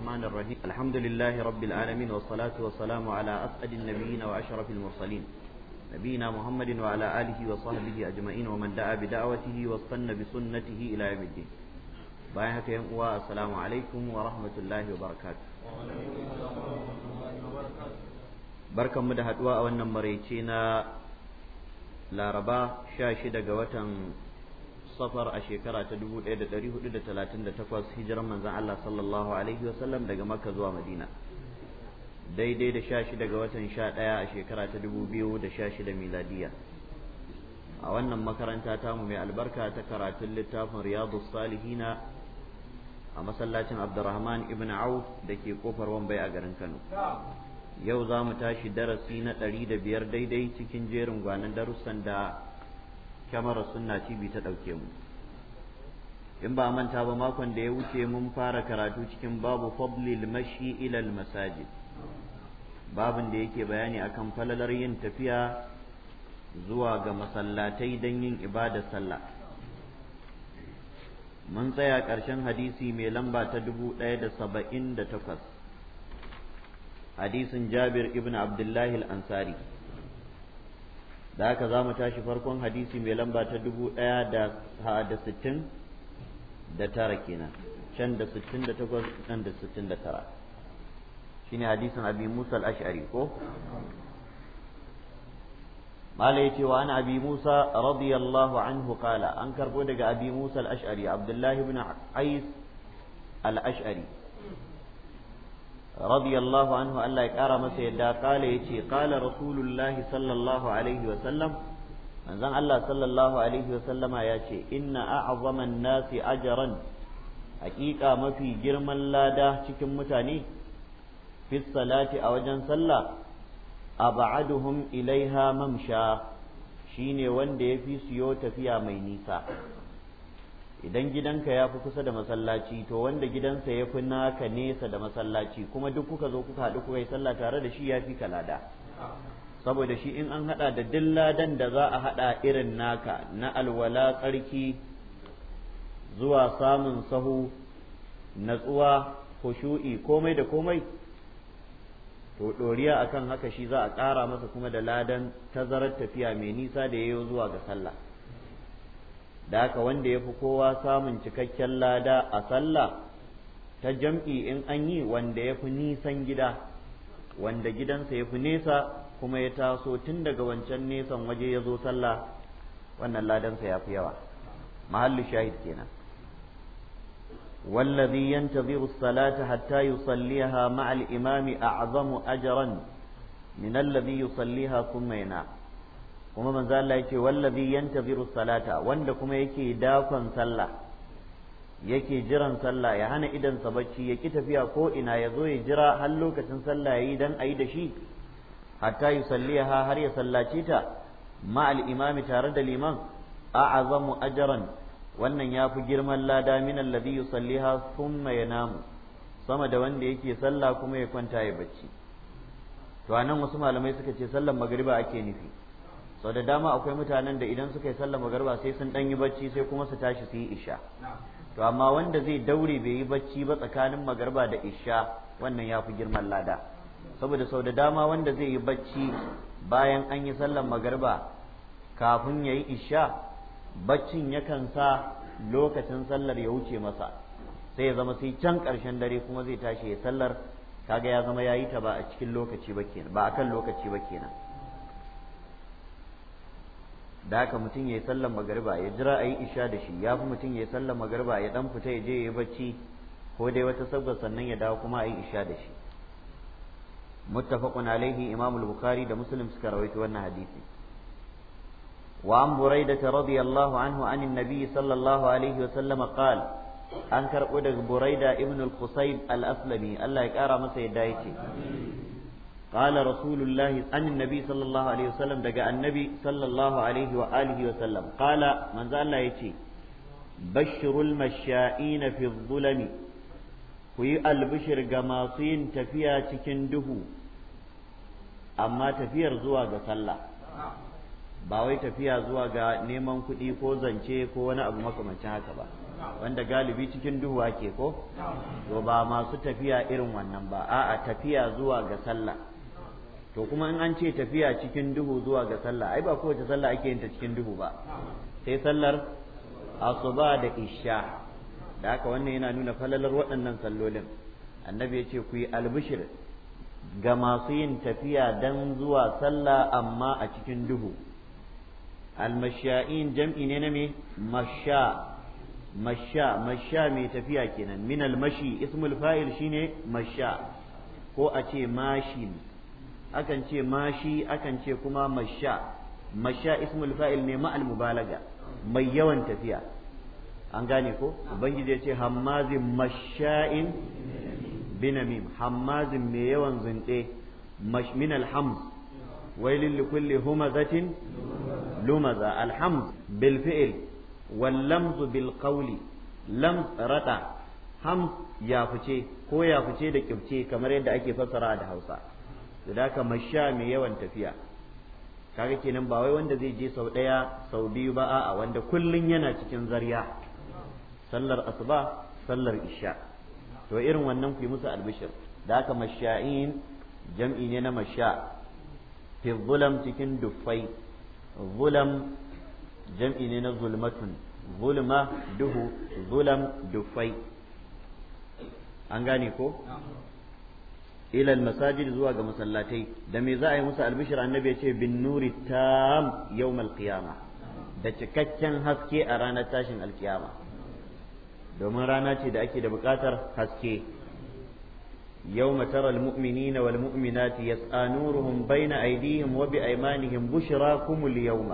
الرحمن الرحيم الحمد لله رب العالمين والصلاة والسلام على أسعد النبيين وأشرف المرسلين نبينا محمد وعلى آله وصحبه أجمعين ومن دعا بدعوته واستنى بسنته إلى يوم الدين بايعك يا السلام عليكم ورحمة الله وبركاته barkan mu da haduwa a wannan maraice na laraba 16 ga watan safar a shekara ta 1438 hijiran manzon Allah sallallahu alaihi wasallam daga Makka zuwa Madina daidai da 16 ga watan 11 a shekara ta 2016 miladiya a wannan makaranta ta mu mai albarka ta karatun littafin Riyadus Salihina a masallacin Abdurrahman ibn Auf da ke kofar Wambai a garin Kano yau za mu tashi darasi na 105 daidai cikin jerin gwanan darussan da kyamarar sunna tv ta ɗauke mu in ba manta ba makon da ya wuce mun fara karatu cikin babu fadlil mashi ilal masajid babin da yake bayani akan falalar yin tafiya zuwa ga masallatai don yin ibadar sallah mun tsaya ƙarshen hadisi mai lamba ta dubu ɗaya da saba'in da takwas hadisin jabir ibn abdullahi al-ansari da haka za mu tashi farkon hadisi mai lamba ta dubu ɗaya da da sittin da tara kenan can da sittin da takwas can da sittin da tara shine hadisin abi musa al-ash'ari ko mala yace wa ana abi musa radiyallahu anhu qala an karbo daga abi musa al-ash'ari abdullahi ibn qais al-ash'ari radiyallahu anhu Allah ya kara masa yadda kala yace kala rasulullahi sallallahu alaihi wa sallam manzon Allah sallallahu alaihi wa sallama yace inna a'zama nasi ajaran haƙiƙa mafi girman lada cikin mutane fi salati a wajen sallah ab'aduhum ilaiha mamsha shine wanda ya fi siyo tafiya mai nisa idan gidanka ya fi kusa da masallaci to wanda gidansa ya fi naka nesa da masallaci kuma duk kuka zo kuka haɗu kuka yi sallah tare da shi ya fi kalada saboda shi in an haɗa da duk ladan da za a haɗa irin naka na alwala tsarki zuwa samun sahu natsuwa kushu'i komai da komai to ɗoriya akan haka shi za a ƙara masa kuma da ladan tazarar tafiya mai nisa da yayo zuwa ga sallah da haka wanda ya fi kowa samun cikakken lada a sallah ta jam'i in an yi wanda ya fi nisan gida wanda gidansa ya fi nesa kuma ya taso tun daga wancan nesan waje ya zo sallah wannan ladansa ya fi yawa mahallu shahid kenan والذي ينتظر الصلاة حتى يصليها مع الإمام أعظم أجرا من الذي يصليها ثم ينام kuma manzo Allah yake wallazi yantaziru salata wanda kuma yake dakon sallah yake jiran sallah ya hana idan sa bacci ya ki tafiya ko ina ya zo ya jira har lokacin sallah yayi dan ayi da shi hatta yusalliha har ya sallace ta ma al imami tare da liman a'azamu ajran wannan ya fi girman lada min alladhi yusalliha thumma yanamu sama da wanda yake sallah kuma ya kwanta ya bacci to anan wasu malamai suka ce sallar magriba ake nufi sau da dama akwai mutanen da idan suka yi sallama magarba sai sun ɗan yi bacci sai kuma su tashi su yi isha to amma wanda zai daure bai yi bacci ba tsakanin magarba da isha wannan ya fi girman lada saboda sau da dama wanda zai yi bacci bayan an yi sallan magarba kafin ya yi isha baccin yakan sa lokacin sallar ya wuce masa sai ya zama sai can ƙarshen dare kuma zai tashi ya sallar kaga ya zama ya yi ta ba a cikin lokaci ba kenan ba akan lokaci ba kenan da haka mutum ya yi sallan magariba ya jira a yi isha da shi ya fi mutum ya yi sallan magariba ya dan fita ya je ya yi bacci ko dai wata sabbar sannan ya dawo kuma a yi isha da shi muttafaqun alaihi imam al-bukhari da muslim suka rawaito wannan hadisi wa an buraidah radiyallahu anhu an annabi sallallahu alaihi wa sallam qala an karbo daga buraida ibn al-qusayb al-aslami Allah ya kara masa yadda yake قال رسول الله عن النبي صلى الله عليه وسلم دقى النبي صلى الله عليه وآله وسلم قال من ذا الله يتي بشر المشائين في الظلم وي البشر قماصين تفيا تكنده أما تفير زواج صلى ba wai tafiya zuwa ga neman kuɗi ko zance ko wani abu makamancin haka ba wanda galibi cikin duhu ake ko to ba masu tafiya irin wannan ba a'a tafiya zuwa ga sallah to kuma in an ce tafiya cikin duhu zuwa ga sallah ai ba kowace sallah ake yin ta cikin duhu ba sai sallar asuba da isha da haka wannan yana nuna falalar waɗannan sallolin annabi ya ce ku yi albishir ga masu yin tafiya dan zuwa sallah amma a cikin duhu almasha'in jam'i ne na me masha masha masha mai tafiya kenan min almashi ismul fa'il shine masha ko a ce mashin akan ce mashi akan ce kuma masha masha ismul fa'il ne ma'al mubalaga mai yawan tafiya an gane ko ubangiji ya ce hammazin masha'in binamim hammazin mai yawan zunɗe min alhamz wailin likulli humazatin lumaza alhamz bil fi'il wal lamzu bil qawli lamz rata ham ya fice ko ya fice da kibce kamar yadda ake fassara da Hausa da haka masha mai yawan tafiya kaga kenan ba wai wanda zai je sau ɗaya sau biyu ba a wanda kullun yana cikin zarya sallar asuba sallar isha to irin wannan ku yi musu albishir da haka masha'in jam'i ne na masha fi zulam cikin dufai zulam jam'i ne na zulmatun zulma duhu zulam dufai an gane ko ilal masajid zuwa ga masallatai da me za a yi musu albishir annabi ya ce bin nuri tam yawmal qiyama da cikakken haske a ranar tashin alkiyama domin rana ce da ake da bukatar haske يوم ترى المؤمنين والمؤمنات يسعى نورهم بين أيديهم وبأيمانهم بشراكم اليوم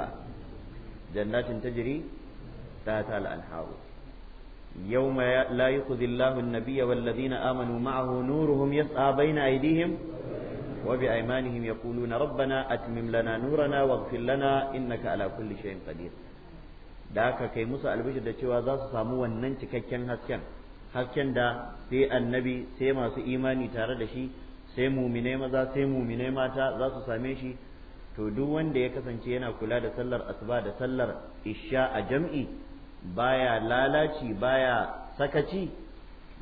جنات تجري تحتها الأنهار يوم لا يخذ الله النبي والذين آمنوا معه نورهم يسعى بين أيديهم وبأيمانهم يقولون ربنا أتمم لنا نورنا واغفر لنا إنك على كل شيء قدير da haka kai musu albishir da cewa za su samu wannan cikakken hasken hasken da sai annabi sai masu imani tare da shi sai mumine maza sai mumine mata za su same shi to duk wanda ya kasance yana kula da sallar asuba da sallar isha a jam'i baya lalaci baya sakaci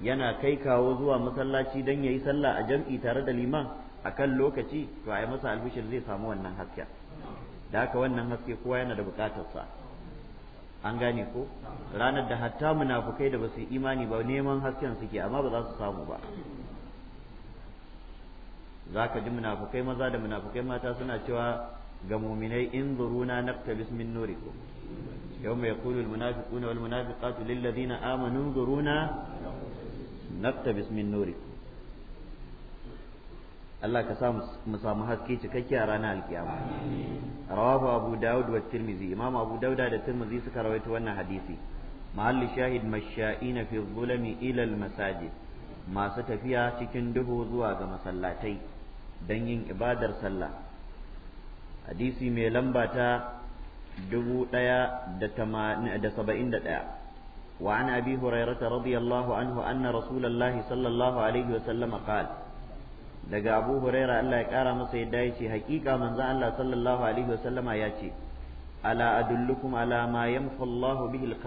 yana kai kawo zuwa masallaci don ya yi sallah a jam'i tare da liman a kan lokaci to a yi masa albishir zai samu wannan hasken da haka wannan haske kowa yana da bukatarsa an gane ko ranar da hatta munafukai da basu su imani ba neman hasken suke amma ba za su samu ba za ka ji munafukai maza da munafukai mata suna cewa ga muminai in zuruna naqtabis min nurikum يوم يقول المنافقون والمنافقات للذين آمنوا انظرونا نقتبس من نوركم Allah ka sa mu samu haske cikakke a ranar alkiyama rawahu abu daud wa tirmizi imam abu dauda da tirmizi suka rawaita wannan hadisi mahalli shahid masha'ina fi zulami ila masajid masu tafiya cikin duhu zuwa ga masallatai don yin ibadar sallah hadisi mai lamba ta dubu ɗaya da saba'in da ɗaya وعن أبي هريرة رضي الله عنه أن رسول الله صلى الله عليه وسلم daga Abu Huraira Allah ya kara masa yadda ya ce hakika manzo Allah sallallahu alaihi wasallama ya ce ala adullukum ala ma bihi al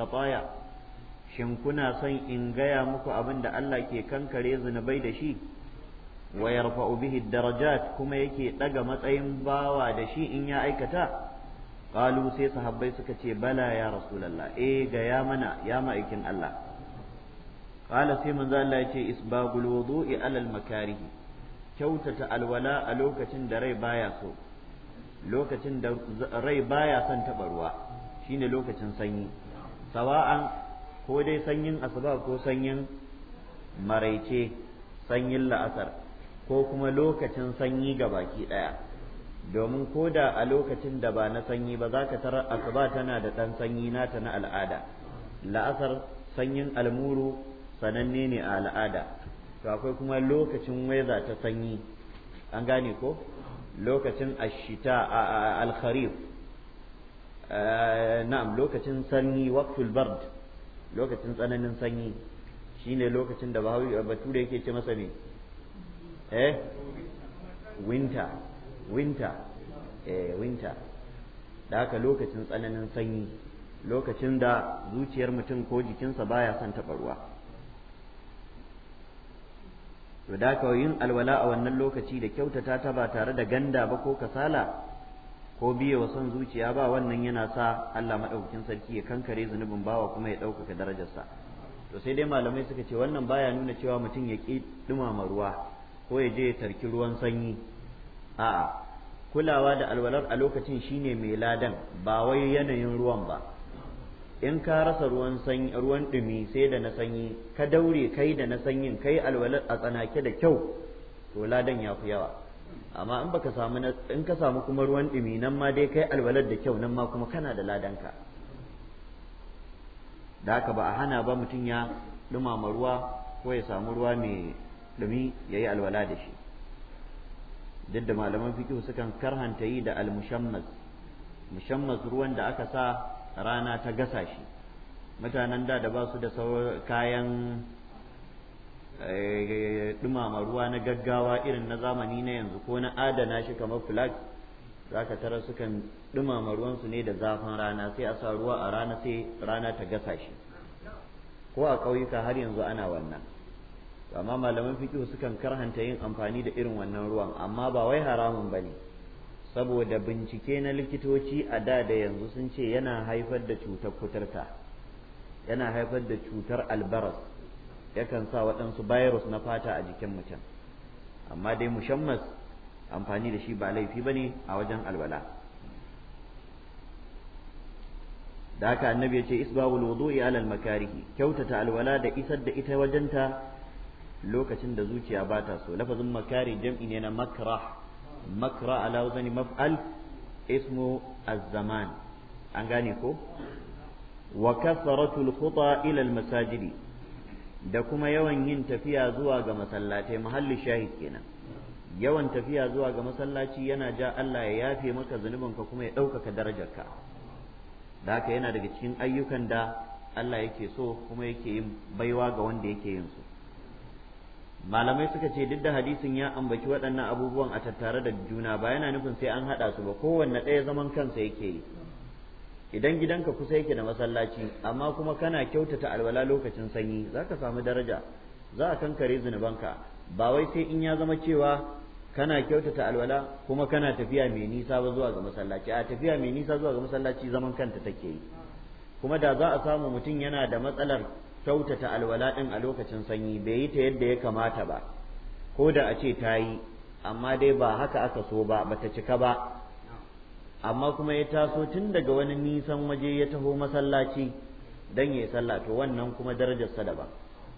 shin kuna son in gaya muku abin da Allah ke kankare zunubai da shi wa yarfa'u darajat kuma yake ɗaga matsayin bawa da shi in ya aikata Kalu sai sahabbai suka ce bala ya rasulullah eh ga ya mana ya Allah qala sai manzo Allah ya isbagul wudu'i alal makarih kyautata alwala a lokacin da rai baya so lokacin da rai baya son taɓa ruwa shine lokacin sanyi sawa'an ko dai sanyin asuba ko sanyin maraice sanyin la'asar ko kuma lokacin sanyi ga baki ɗaya domin ko da a lokacin da ba na sanyi ba za ka tarar asuba tana da ɗan sanyi nata na al'ada la'asar sanyin almuru sananne ne a al'ada to akwai kuma lokacin waiza ta sanyi an gane ko lokacin ashita alkharif eh, na'am lokacin sanyi waqtul bard lokacin tsananin sanyi shine lokacin da bature yake ce masa ne eh winter winter eh winter da haka lokacin tsananin sanyi lokacin da zuciyar mutum ko jikinsa baya son taɓa ruwa to da haka yin alwala a wannan lokaci da kyautata ta ba tare da ganda ba ko kasala ko biye wa son zuciya ba wannan yana sa Allah maɗaukakin sarki ya kankare zunubin bawa kuma ya ɗaukaka darajarsa to sai dai malamai suka ce wannan baya nuna cewa mutum ya ki ɗumama ruwa ko ya je ya tarki ruwan sanyi a'a kulawa da alwalar a lokacin shine mai ladan ba wai yanayin ruwan ba in ka rasa ruwan sanyi ruwan dumi sai da na sanyi ka daure kai da na sanyin kai alwalar a tsanake da kyau to ladan ya fi yawa amma in baka samu in ka samu kuma ruwan dumi nan ma dai kai alwalar da kyau nan ma kuma kana da ladanka da haka ba a hana ba mutum ya dumama ruwa ko ya samu ruwa mai dumi yayi alwala da shi duk da malaman fikihu sukan karhanta yi da almushammas mushammas ruwan da aka sa rana ta gasa shi mutanen da da ba su da kayan eh, dumama ruwa na gaggawa irin na zamani na yanzu ko na adana shi kamar flag za ka tara sukan dumama ruwansu ne da zafin rana sai a sa ruwa a rana sai rana ta gasa shi ko a ƙauyuka har yanzu ana wannan amma malaman fiqh sukan karhanta yin amfani da irin wannan ruwan amma ba wai haramun bane saboda bincike na likitoci a da da yanzu sun ce yana haifar da cutar kuturta yana haifar da cutar albaras yakan sa waɗansu virus na fata a jikin mutum amma dai mushammas amfani da shi ba laifi bane a wajen alwala da haka annabi ya ce isbabul wudu'i alal makarihi kyautata alwala da isar da ita wajenta lokacin da zuciya ba ta so lafazin makari jam'i ne na makra makra ala wazani maf'al ismu az-zaman an gane ko wa kasaratu al-khuta ila al da kuma yawan yin tafiya zuwa ga masallatai mahalli shahid kenan yawan tafiya zuwa ga masallaci yana ja Allah ya yafe maka zunubanka kuma ya ɗaukaka darajarka da haka yana daga cikin ayyukan da Allah yake so kuma yake yin baiwa ga wanda yake yin su malamai suka ce duk da hadisin ya ambaci waɗannan abubuwan a tattare da juna ba yana nufin sai an haɗa su ba kowanne ɗaya zaman kansa yake yi idan gidanka kusa yake da masallaci amma kuma kana kyautata alwala lokacin sanyi za ka samu daraja za a kankare zunubanka ba wai sai in ya zama cewa kana kyautata alwala kuma kana tafiya mai nisa ba zuwa ga masallaci a tafiya mai nisa zuwa ga masallaci zaman kanta take yi kuma da za a samu mutum yana da matsalar kyautata alwala ɗin a lokacin sanyi bai yi ta yadda ya kamata ba ko da a ce ta yi amma dai ba haka aka so ba bata cika ba amma kuma ya taso tun daga wani nisan waje ya taho masallaci don ya yi sallah to wannan kuma darajarsa daban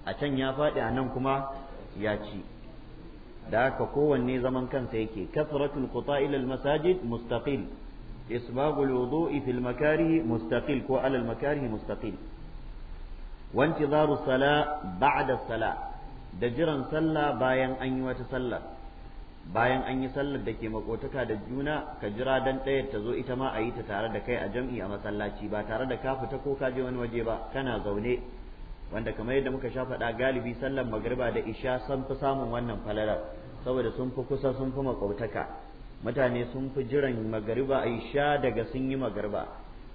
a can ya faɗi a nan kuma ya ci da haka kowanne zaman kansa yake kasratul quta'il al masajid mustaqil isbagul wudu'i fil makarih mustaqil ko alal makarih mustaqil wantizaru sala ba'da sala da jiran sallah bayan an yi wata sallar bayan an yi sallar da ke makotaka da juna ka jira dan ɗayar ta zo ita ma a yi ta tare da kai a jam'i a masallaci ba tare da ka fita ko ka je wani waje ba kana zaune wanda kamar yadda muka sha faɗa galibi sallar magriba da isha sun fi samun wannan falalar saboda sun fi kusa sun fi makotaka mutane sun fi jiran magriba a isha daga sun yi magriba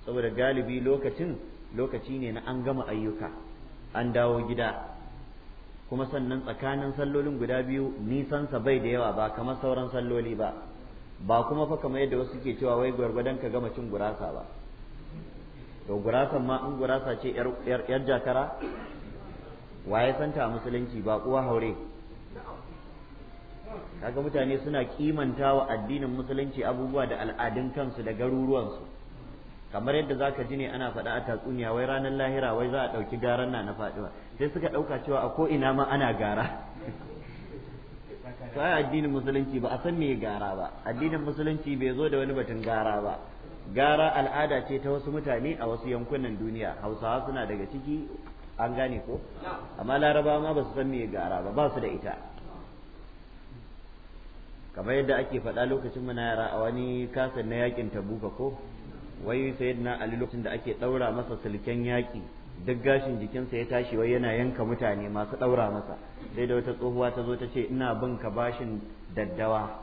saboda galibi lokacin lokaci ne na an gama ayyuka an dawo gida kuma sannan tsakanin sallolin guda biyu nisansa bai da yawa ba kamar sauran salloli ba ba kuma fa kamar yadda wasu ke cewa wai gwargwadon ka gama cin gurasa ba to gurasan ma in gurasa ce yar jakara waye santa a musulunci ba kuwa haure kaga mutane suna kimanta wa addinin musulunci abubuwa da al'adun kansu da garuruwansu kamar yadda zaka ji ne ana faɗa a tatsuniya wai ranar lahira wai za a ɗauki garan na na faɗiwa sai suka ɗauka cewa a koina ma ana gara to addinin musulunci ba a san me gara ba addinin musulunci bai zo da wani batun gara ba gara al'ada ce ta wasu mutane a wasu yankunan duniya hausawa suna daga ciki an gane ko amma larabawa ma ba su san me gara ba ba su da ita kamar yadda ake faɗa lokacin na yara a wani kasan na yakin tabuka ko wai sayyidina ali lokacin da ake ɗaura masa sulken yaki duk gashin jikinsa ya tashi wai yana yanka mutane masu ɗaura masa sai da wata tsohuwa ta zo ta ce ina bin ka bashin daddawa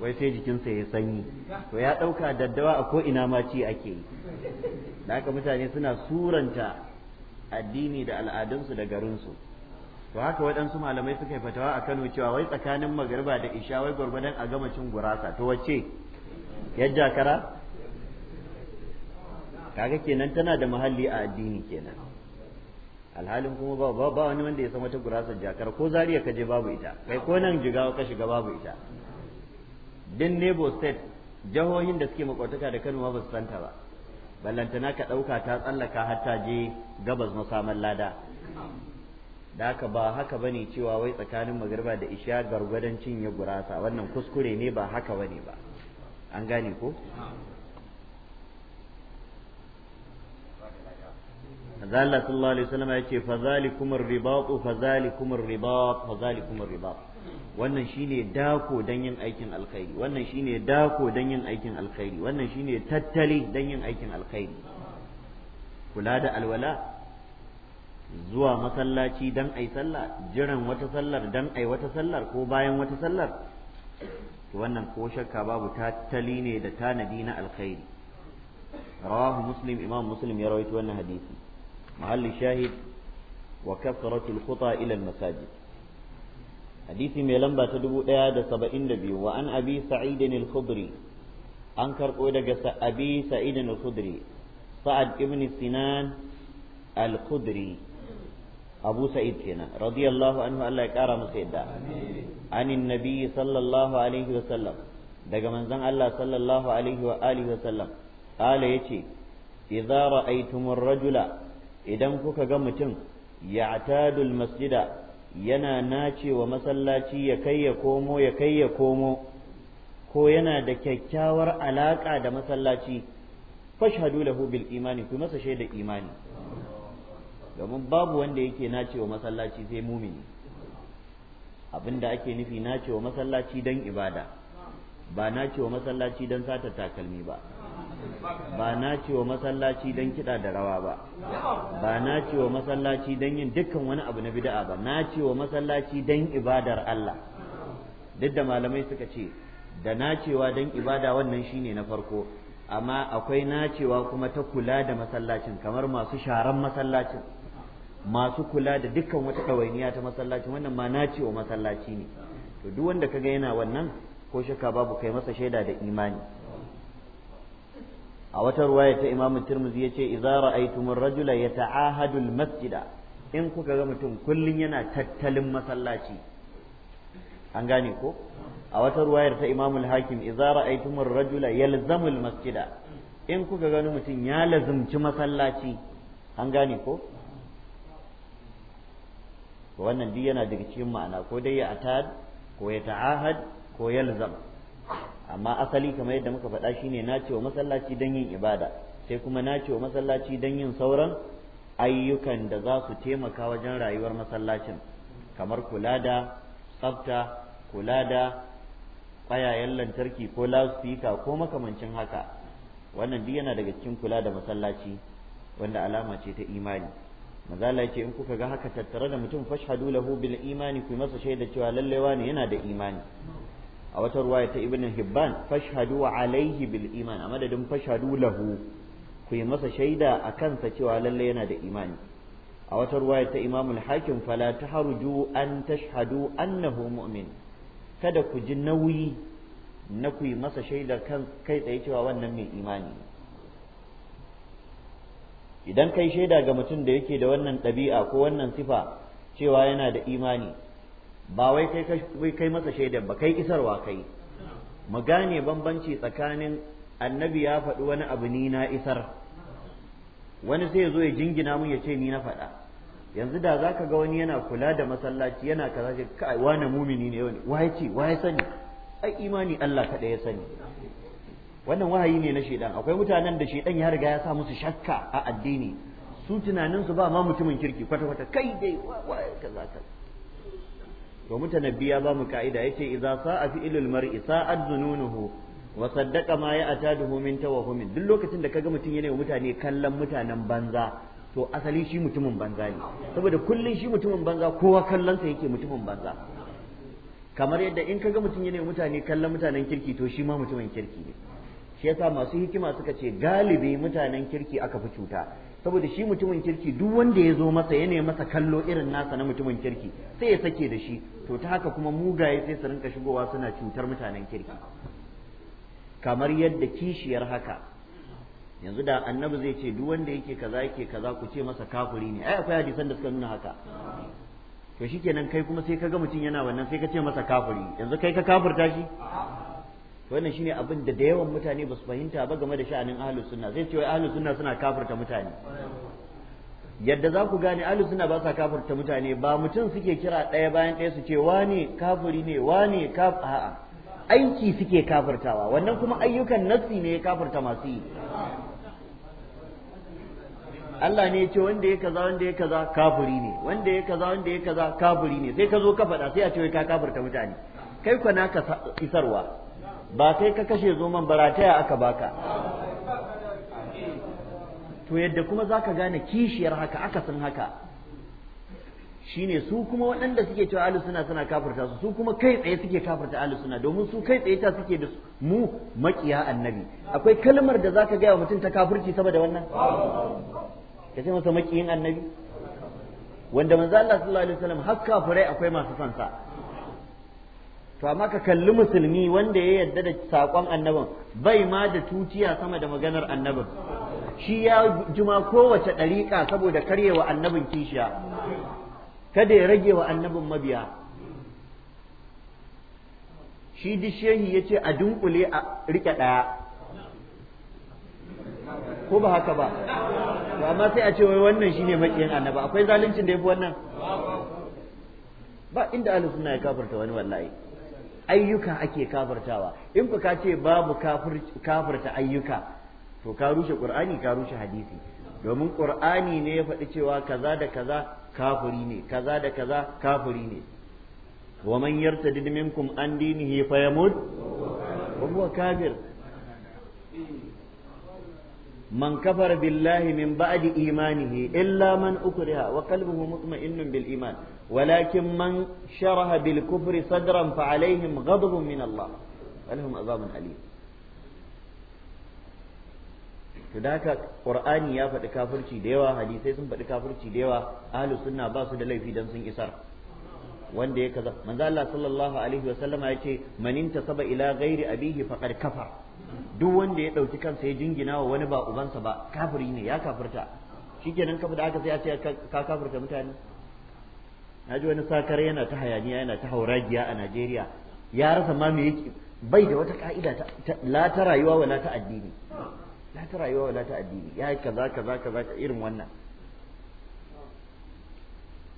wai sai jikinsa ya sanyi to ya dauka daddawa a ko ina ma ci ake yi da haka mutane suna suranta addini da al'adunsu da garinsu to haka waɗansu malamai suka yi fatawa a Kano cewa wai tsakanin magariba da isha wai gwargwadon a gama cin gurasa to wace yajja kara kaga kenan tana da muhalli a addini kenan alhalin kuma ba ba wani wanda ya san wata gurasar jakar ko zariya ka je babu ita kai ko nan jigawa ka shiga babu ita din nebo state jahohin da suke makwataka da Kano ma ba su santa ba ballantana ka ɗauka ta tsallaka har ta je gabas masaman lada da haka ba haka bane cewa wai tsakanin magarba da isha gargwadon cinye gurasa wannan kuskure ne ba haka bane ba an gane ko manzo Allah sallallahu alaihi wasallam ya ce fazalikum ar-ribat fazalikum ar-ribat fazalikum ar-ribat wannan shine dako dan yin aikin alkhairi wannan shine dako dan yin aikin alkhairi wannan shine tattali dan yin aikin alkhairi kula da alwala zuwa masallaci dan ai sallah jiran wata sallar dan ai wata sallar ko bayan wata sallar wannan ko shakka babu tattali ne da tanadi na alkhairi rawahu muslim imam muslim ya rawaito wannan hadisi محل الشاهد وكثرة الخطى إلى المساجد حديث ميلان باتدبو إيادة سبعين دبيو وأن أبي سعيد الخضري أنكر قودك أبي سعيد الخضري سعد ابن سنان الخضري أبو سعيد كنا رضي الله عنه الله يكرم سيدا عن النبي صلى الله عليه وسلم daga manzon Allah sallallahu alaihi wa alihi wa sallam qala yace idza ra'aytumur rajula idan kuka ga mutum ya atadul masjida yana nace wa masallaci ya kai ya komo ya kai ya komo ko yana da kyakkyawar alaƙa da masallaci fashhadu lahu bil imani ku masa shaida imani domin babu wanda yake nace wa masallaci sai mumini abinda ake nufi nace wa masallaci dan ibada ba nace wa masallaci don sata takalmi ba ba na ce wa masallaci don kiɗa da rawa ba ba na ce wa masallaci don yin dukkan wani abu na bid'a ba na ce wa masallaci don ibadar Allah duk da malamai suka ce da nacewa don ibada wannan shine na farko amma akwai nacewa kuma ta kula da masallacin kamar masu sharan masallacin masu kula da dukkan wata ɗawainiya ta masallacin wannan ma nacewa masallaci ne to duk wanda kaga yana wannan ko shaka babu kai masa shaida da imani a wata ruwaya ta imamu tirmidhi yace izara ra'aytumur rajula ta'ahadul masjida in kuka ga mutum kullum yana tattalin masallaci an gane ko a wata ruwayar ta imamu hakim izara ra'aytumur rajula lazamul masjida in kuka gani mutum ya lazumci masallaci an gane ko wannan duk yana daga cikin ma'ana ko dai ya atad ko ya ta'ahad ko ya lazama amma asali kamar yadda muka faɗa shine na wa masallaci don yin ibada sai kuma na cewa masallaci don yin sauran ayyukan da za su taimaka wajen rayuwar masallacin kamar kula da tsafta kula da ƙwayayen lantarki ko lasfika ko makamancin haka wannan duk yana daga cikin kula da masallaci wanda alama ce ta imani mazala ce in kuka ga haka tattare da mutum fashhadu lahu bil imani ku masa shaida cewa lallai wani yana da imani a wata ruwaya ta ibn hibban fashhadu alaihi bil iman a madadin fashadu lahu ku yi masa shaida a kansa cewa lalle yana da imani a wata ruwaya ta imamul hakim fala taharuju an tashhadu annahu mu'min kada ku ji nauyi na ku yi masa shaida kan kai tsaye cewa wannan mai imani idan kai shaida ga mutum da yake da wannan ɗabi'a ko wannan sifa cewa yana da imani ba wai kai masa shaidar ba kai isarwa kai mu gane bambanci tsakanin annabi ya faɗi wani abu ni na isar wani sai ya zo ya jingina mun ya ce ni na faɗa yanzu da za ka ga wani yana kula da masallaci yana kaza ce kai wani mumini ne wani waye ce waye sani ai imani Allah kaɗai ya sani wannan wahayi ne na shaidan akwai mutanen da shaidan ya riga ya sa musu shakka a addini su tunaninsu ba ma mutumin kirki kwata kwata kai dai waye kaza kaza to mutanabbi ya ba mu ka'ida yace idza sa'a fi'lul mar'i sa'ad zununuhu wa saddaqa ma ya'taduhu min tawahhumin duk lokacin da kaga mutum yana mutane kallon mutanen banza to asali shi mutumin banza ne saboda kullun shi mutumin banza kowa kallon yake mutumin banza kamar yadda in kaga mutum yana mutane kallon mutanen kirki to shi ma mutumin kirki ne shi yasa masu hikima suka ce galibi mutanen kirki aka fi cuta saboda shi mutumin kirki duk wanda ya zo masa ya masa kallo irin nasa na mutumin kirki sai ya sake da shi to ta haka kuma mugaye sai su rinka shigowa suna cutar mutanen kirki kamar yadda kishiyar haka yanzu da annabi zai ce duk wanda yake kaza yake kaza ku ce masa kafuri ne ai akwai hadisan da suka nuna haka to shikenan kai kuma sai ka kaga mutum yana wannan sai ka ce masa kafuri. yanzu kai ka kafurta shi wannan shine abin da da yawan mutane ba su fahimta ba game da sha'anin ahlus sunna zai ce wai ahlus sunna suna kafirta mutane yadda za ku gane ahlus sunna ba sa kafirta mutane ba mutum suke kira ɗaya bayan ɗaya su ce wane kafiri ne wane kaf a'a aiki suke kafirtawa wannan kuma ayyukan nafsi ne ya kafirta masu yi Allah ne ya ce wanda ya kaza wanda ya kaza kafiri ne wanda ya kaza wanda ya kaza kafiri ne sai ka zo ka faɗa sai a ce wai ka kafirta mutane kai kwa naka isarwa ba kai ka kashe zoman barataya aka baka to yadda kuma za ka gane kishiyar haka akasin haka shine su kuma waɗanda suke cewa ahlus sunna suna kafirta su su kuma kai tsaye suke kafirta ahlus sunna domin su kai tsaye ta suke da mu makiya annabi akwai kalmar da zaka gaya mutum ta kafirci saboda wannan ka ce masa makiyin annabi wanda manzo Allah sallallahu alaihi wasallam har kafirai akwai masu son sa to amma ka kalli musulmi wanda ya yarda da sakon annabin bai ma da tuciya sama da maganar annabin shi ya juma kowace ɗariƙa saboda karyewa annabin kishiya kada ya rage wa annabin mabiya shi dishehi ya ce a dunkule a riƙe ɗaya ko ba haka ba to amma sai a ce wai wannan shine maƙiyin annaba akwai zaluncin da ya fi wannan ba inda ahlus ya kafarta wani wallahi ayyuka ake kafirtawa in ka ce babu kafirta ayyuka to ka rushe qur'ani ka rushe hadisi domin qur'ani ne ya faɗi cewa kaza da kaza kafiri ne kaza da kaza kafiri ne wa man yartadid minkum an dinihi fayamut wa huwa kafir man kafar billahi min ba'di imanihi illa man ukriha wa qalbuhu mutma'innun bil iman walakin man sharaha bil kufri sadran fa alaihim ghadabun min Allah walahum azabun alim da haka qur'ani ya faɗi kafurci da yawa hadisai sun faɗi kafurci da yawa ahlus sunna ba su da laifi dan sun isar wanda ya kaza manzo Allah sallallahu alaihi wa sallama yace man intasaba ila ghairi abihi faqad kafar duk wanda ya dauki kansa ya jingina wa wani ba ubansa ba kafiri ne ya kafirta shikenan kafa da aka sai a ce ka kafirta mutane na wani sakar yana ta hayaniya yana ta hauragiya a Najeriya ya rasa ma me yake bai da wata ka'ida ta la ta rayuwa wala ta addini la ta rayuwa wala ta addini ya kaza kaza kaza irin wannan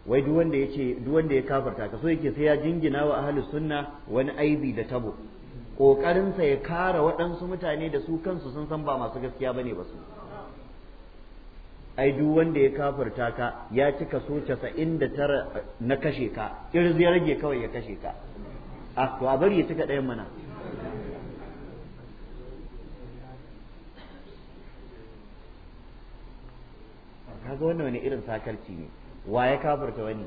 wai duk wanda duk wanda ya kafarta ka so yake sai ya jingina wa ahli sunna wani aibi da tabo kokarinsa ya kara waɗansu mutane da su kansu sun san ba masu gaskiya bane ba su ai duk wanda ya kafarta ka ya ci kaso 99 na kashe ka kirzi ya rage kawai ya kashe ka a ah, to a bari ya cika ɗayan mana kaga wannan wani irin sakarci ne wa ya kafirta wani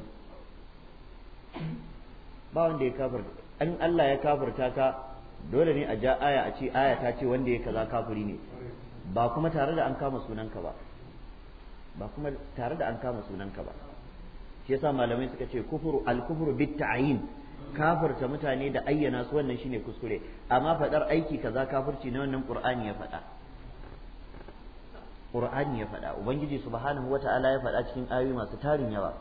ba wanda ya kafirta in Allah ya kafirta ka dole ne a ja aya a ce aya ta ce wanda ya kaza kafiri ne ba kuma tare da an kama sunanka ba ba kuma tare da an kama sunanka ba shi yasa malamai suka ce kufuru al-kufru bit ta'yin kafirta mutane da ayyana su wannan shine kuskure amma fadar aiki kaza kafirci na wannan qur'ani ya faɗa Qur'ani ya faɗa Ubangiji subhanahu wata'ala ya faɗa cikin ayoyi masu tarin yawa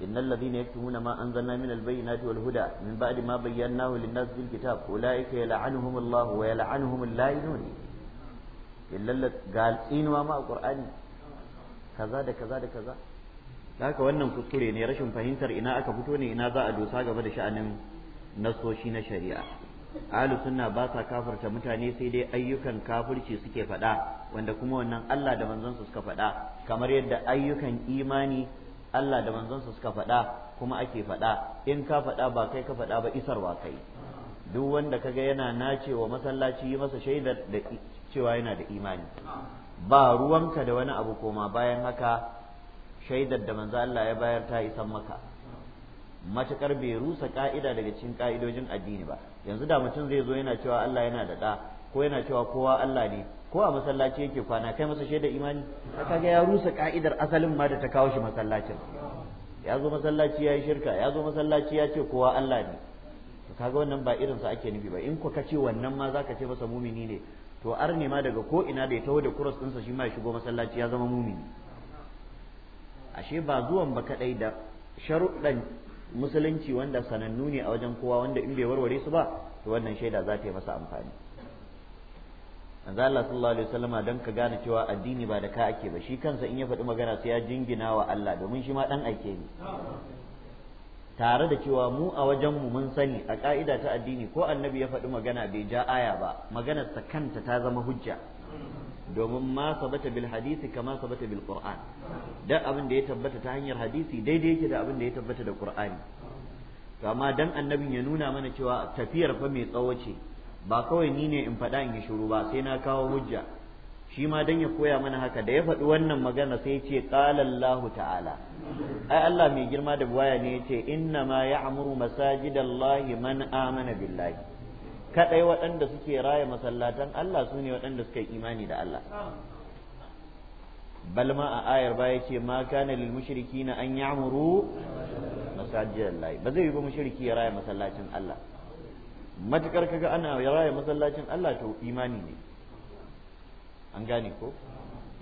innal ladhina yaktumuna ma anzalna min al-bayyinati wal huda min ba'di ma bayyanahu lin-nas fil kitab ulaika yal'anuhum Allah wa yal'anuhum al-la'inun illal gal inwa ma Qur'ani kaza da kaza da kaza haka wannan kuskure ne rashin fahimtar ina aka fito ne ina za a dosa gaba da sha'anin nasoshi na shari'a ahlus sunna ba sa kafirta mutane sai dai ayyukan kafirci suke faɗa wanda kuma wannan Allah da manzansa suka faɗa kamar yadda ayyukan imani Allah da manzansa suka faɗa kuma ake faɗa in ka faɗa ba kai ka faɗa ba isarwa kai duk wanda kaga yana nacewa masallaci yi masa shaidar da cewa yana da imani ba ruwanka da wani abu koma bayan haka shaidar da manzo Allah ya bayar ta isan maka matakar bai rusa ka'ida daga cikin ka'idojin addini ba yanzu da mutum zai zo yana cewa Allah yana da ɗa ko yana cewa kowa Allah ne ko a masallaci yake kwana kai masa shaidar imani kaga ya rusa ka'idar asalin ma da ta kawo shi masallacin ya zo masallaci ya yi shirka ya zo masallaci ya ce kowa Allah ne kaga wannan ba irin sa ake nufi ba in ku ka ce wannan ma zaka ce masa mumini ne to ar ne ma daga ko ina da ya taho da cross ɗinsa shi ma ya shigo masallaci ya zama mumini ashe ba zuwan ba kadai da sharuɗan musulunci wanda sanannu ne a wajen kowa wanda in bai warware su ba to wannan shaida za ta yi masa amfani manzo Allah sallallahu alaihi wasallama dan ka gane cewa addini ba da ka ake ba shi kansa in ya faɗi magana sai ya jingina wa Allah domin shi ma dan aike ne tare da cewa mu a wajen mu mun sani a ka'ida ta addini ko annabi ya faɗi magana bai ja aya ba maganarsa kanta ta zama hujja domin ma sabata bil hadisi kama sabata bil qur'an dan abin da ya tabbata ta hanyar hadisi daidai yake da abin da ya tabbata da qur'ani to amma dan annabin ya nuna mana cewa tafiyar fa mai tsawo ce ba kawai ni ne in faɗa in yi shiru ba sai na kawo hujja shi ma dan ya koya mana haka da ya faɗi wannan magana sai ce qalallahu ta'ala ai Allah mai girma da buwaya ne yace inna ma ya'muru masajidallahi man amana billahi kadai waɗanda suke raya masallatan Allah su ne waɗanda suka yi imani da Allah bal ma a ayar ba ce ma kana lil na an ya'muru masajid ba zai yi ba mushriki ya raya masallacin Allah matukar kaga ana ya raya masallacin Allah to imani ne an gane ko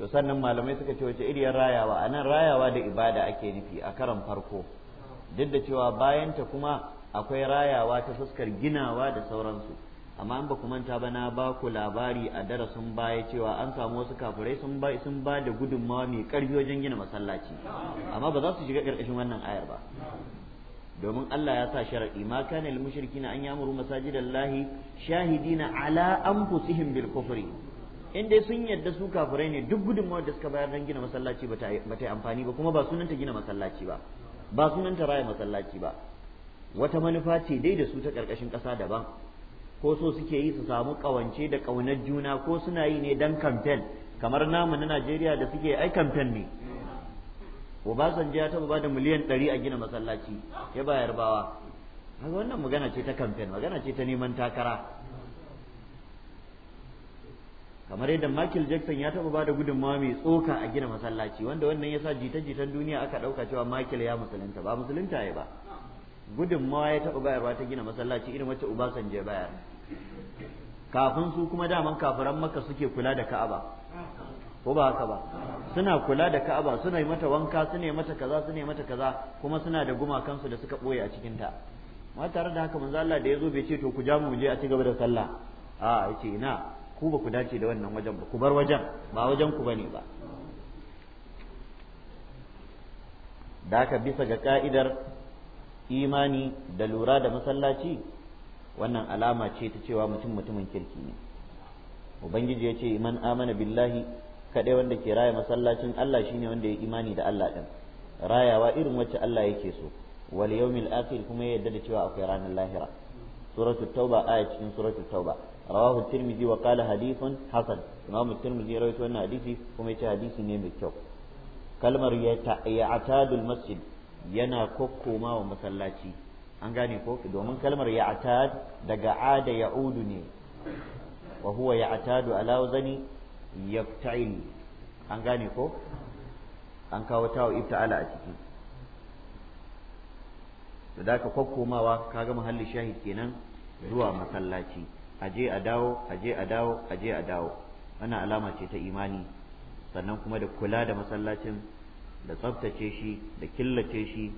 to sannan malamai suka ce wace iriyar rayawa anan rayawa da ibada ake nufi a karan farko duk da cewa bayanta kuma akwai rayawa ta fuskar ginawa da sauransu amma an ba ku manta ba na ba ku labari a darasin baya cewa an samu wasu kafirai sun ba sun ba da gudunmawa mai karfi wajen gina masallaci amma ba za su shiga ƙarƙashin wannan ayar ba domin Allah ya sa shar'i ma kana lil mushrikina an yamuru masajidallahi shahidina ala anfusihim bil kufri in dai sun yadda su kafirai ne duk gudunmawar da suka bayar don gina masallaci ba ta yi amfani ba kuma ba sunanta gina masallaci ba ba sunanta raya masallaci ba wata manufa ce dai da su ta ƙarƙashin ƙasa daban ko so suke yi su samu ƙawance da ƙaunar juna ko suna yi ne don kamfen kamar namu na najeriya da suke ai kamfen ne obasanjo ya taɓa bada miliyan ɗari a gina masallaci ya ba bawa haka wannan magana ce ta kamfen magana ce ta neman takara kamar yadda Michael Jackson ya taɓa bada gudunmawa mai tsoka a gina masallaci wanda wannan yasa jita-jitan duniya aka ɗauka cewa Michael ya musulunta ba musulunta ya ba gudunmawa ya taɓa bayarwa ta gina masallaci irin wacce san ya bayar kafin su kuma daman kafiran maka suke kula da Ka'aba ko ba haka ba suna kula da Ka'aba suna yi mata wanka suna yi mata kaza suna yi mata kaza kuma suna da gumakansu da suka ɓoye a cikin ta ma tare da haka manzo Allah da yazo bai ce to ku ja mu je a ci gaba da sallah a yace ina ku ba ku dace da wannan wajen ba ku bar wajen ba wajen ku bane ba da haka bisa ga ka'idar imani da lura da masallaci wannan alama ce ta cewa mutum mutumin kirki ne ubangiji ya ce iman amana billahi kaɗai wanda ke raya masallacin Allah shine wanda ya imani da Allah din rayawa irin wacce Allah yake so wal yawmil akhir kuma ya yarda da cewa akwai ranar lahira suratul tauba aya cikin suratul tauba rawahu tirmidhi wa qala hadithun hasan imam tirmidhi rawaito wannan hadisi kuma yace hadisi ne mai kyau kalmar ya ta'atadul masjid yana kokkoma wa masallaci an gane ko domin kalmar atad daga ada udu ne wa huwa atadu ala wazani yafta'il an gane ko an kawo tawo ibta'ala a ciki da da ka kokkomawa kaga muhalli shahid kenan zuwa masallaci aje a dawo aje a dawo aje a dawo wannan alama ce ta imani sannan kuma da kula da masallacin da tsaftace shi da killace shi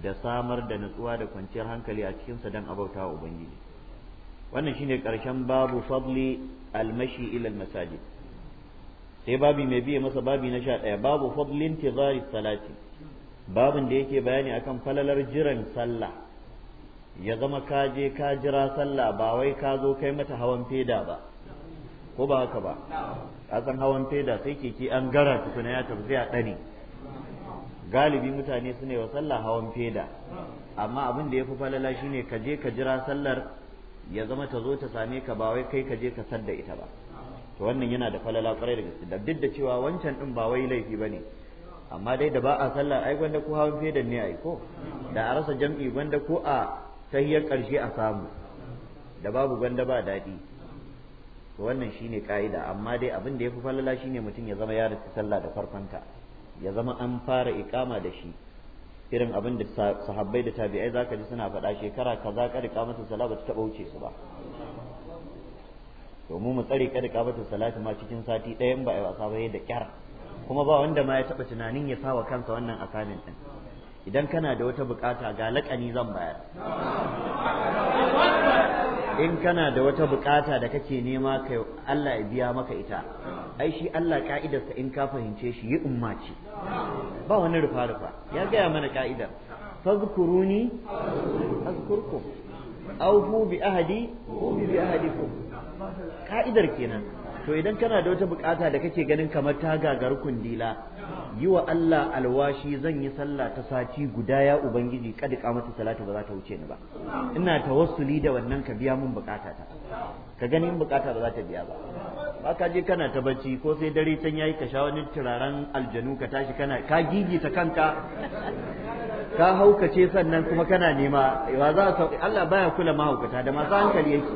da samar da nutsuwa da kwanciyar hankali a cikinsa don abauta wa ubangiji wannan shine karshen babu fadli almashi ila almasajid sai babi mai biye masa babu na sha ɗaya babu fadli intizari salati babin da yake bayani akan falalar jiran sallah ya zama ka je ka jira sallah ba wai ka zo kai mata hawan feda ba ko ba haka ba a san hawan feda sai keke an gara tukuna ya tafi a ɗani galibi mutane su ne wa sallah hawan feda amma abin da ya fi falala shine ka je ka jira sallar ya zama ta zo ta same ka ba wai kai ka je ka sadda ita ba to wannan yana da falala kwarai da gaske duk da cewa wancan din ba wai laifi bane amma dai da ba a sallah ai gwanda ko hawan fedan ne ai ko da a rasa jam'i gwanda ko a tahiyar karshe a samu da babu gwanda ba daɗi to wannan shine ka'ida amma dai abin da ya fi falala shine mutum ya zama ya rasa sallah da farkonta ya zama an fara ikama da shi irin abin da sahabbai da tabi'ai zaka ji suna faɗa shekara kaza ka iqamatu sala ba ta taɓa wuce su ba to mu mu tsare ka mata salati ma cikin sati ɗayan ba a wasa ba da kyar kuma ba wanda ma ya taɓa tunanin ya sawa kansa wannan assignment din idan kana da wata bukata ga laƙani zan bayar in kana da wata bukata da kake nema ka Allah ya biya maka ita ai shi Allah ka'idarsa in ka fahimce shi yi umma ce ba wani rufa rufa ya gaya mana ka'idar fazkuruni azkurkum aw hu bi ahadi hu bi ahadikum ka'idar kenan to idan kana da wata bukata da kake ganin kamar ta gagar kundila yi wa Allah alwashi zan yi sallah ta sati guda ya ubangiji kada mata salatu ba za ta wuce ni ba ina tawassuli da wannan ka biya mun bukata ta ka ganin bukata ba za ta biya ba ba ka je kana ta bacci ko sai dare can yayi ka sha wani turaren aljanu ka tashi kana ka ta kanka ka haukace sannan kuma kana nema wa za Allah baya kula mahaukata da masu hankali yake